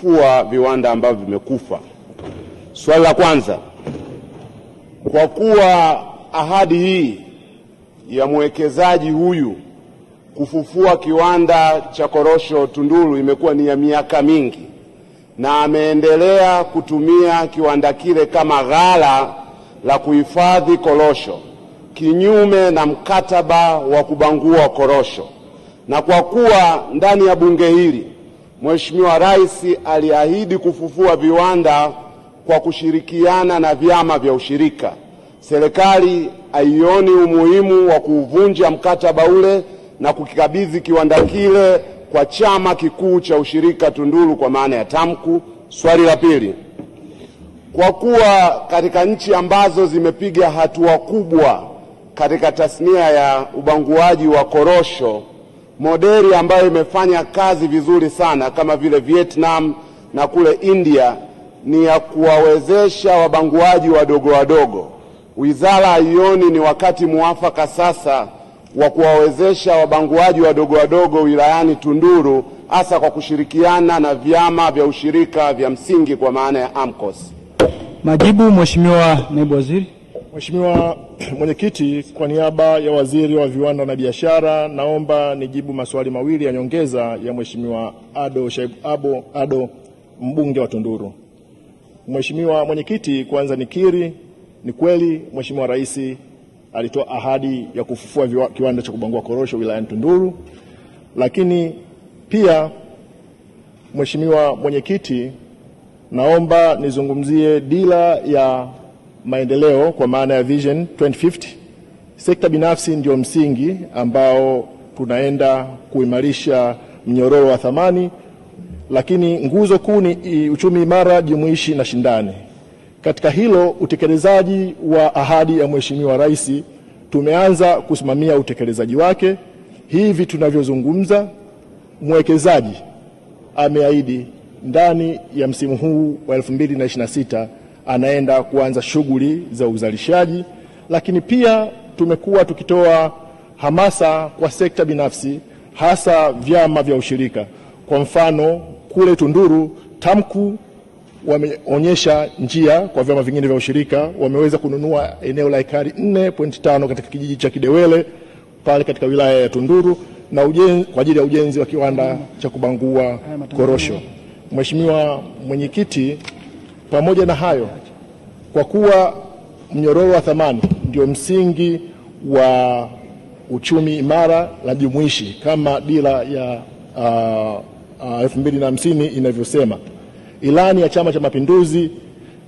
kuwa viwanda ambavyo vimekufa. Swali la kwanza, kwa kuwa ahadi hii ya mwekezaji huyu kufufua kiwanda cha korosho Tunduru imekuwa ni ya miaka mingi na ameendelea kutumia kiwanda kile kama ghala la kuhifadhi korosho kinyume na mkataba wa kubangua korosho, na kwa kuwa ndani ya bunge hili Mheshimiwa Rais aliahidi kufufua viwanda kwa kushirikiana na vyama vya ushirika. Serikali haioni umuhimu wa kuuvunja mkataba ule na kukikabidhi kiwanda kile kwa chama kikuu cha ushirika Tunduru kwa maana ya tamku Swali la pili, kwa kuwa katika nchi ambazo zimepiga hatua kubwa katika tasnia ya ubanguaji wa korosho modeli ambayo imefanya kazi vizuri sana kama vile Vietnam na kule India ni ya kuwawezesha wabanguaji wadogo wadogo. Wizara haioni ni wakati muafaka sasa wa kuwawezesha wabanguaji wadogo wadogo wilayani Tunduru, hasa kwa kushirikiana na vyama vya ushirika vya msingi kwa maana ya AMCOS. Majibu, Mheshimiwa Naibu Waziri. Mheshimiwa Mwenyekiti, kwa niaba ya Waziri wa Viwanda na Biashara, naomba nijibu maswali mawili ya nyongeza ya Mheshimiwa Ado Shaib Abo Ado, mbunge wa Tunduru. Mheshimiwa Mwenyekiti, kwanza nikiri, ni kweli Mheshimiwa Rais alitoa ahadi ya kufufua kiwanda cha kubangua korosho wilayani Tunduru, lakini pia Mheshimiwa Mwenyekiti, naomba nizungumzie dira ya maendeleo kwa maana ya Vision 2050. Sekta binafsi ndio msingi ambao tunaenda kuimarisha mnyororo wa thamani, lakini nguzo kuu ni uchumi imara, jumuishi na shindani. Katika hilo, utekelezaji wa ahadi ya Mheshimiwa Rais tumeanza kusimamia utekelezaji wake. Hivi tunavyozungumza, mwekezaji ameahidi ndani ya msimu huu wa 2026 anaenda kuanza shughuli za uzalishaji, lakini pia tumekuwa tukitoa hamasa kwa sekta binafsi, hasa vyama vya ushirika. Kwa mfano kule Tunduru, tamku wameonyesha njia kwa vyama vingine vya ushirika, wameweza kununua eneo la ekari 4.5 katika kijiji cha Kidewele pale katika wilaya ya Tunduru na ujenzi, kwa ajili ya ujenzi wa kiwanda cha kubangua korosho. Mheshimiwa Mwenyekiti, pamoja na hayo, kwa kuwa mnyororo wa thamani ndio msingi wa uchumi imara na jumuishi kama dira ya ah, ah, elfu mbili na hamsini uh, uh, inavyosema. Ilani ya Chama cha Mapinduzi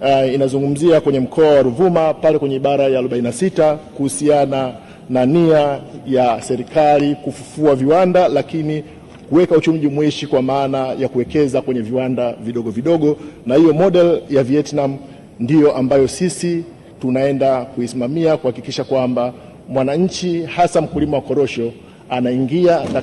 uh, inazungumzia kwenye mkoa wa Ruvuma pale kwenye ibara ya 46 kuhusiana na nia ya serikali kufufua viwanda lakini kuweka uchumi jumuishi kwa maana ya kuwekeza kwenye viwanda vidogo vidogo, na hiyo model ya Vietnam ndiyo ambayo sisi tunaenda kuisimamia kuhakikisha kwamba mwananchi hasa mkulima wa korosho anaingia na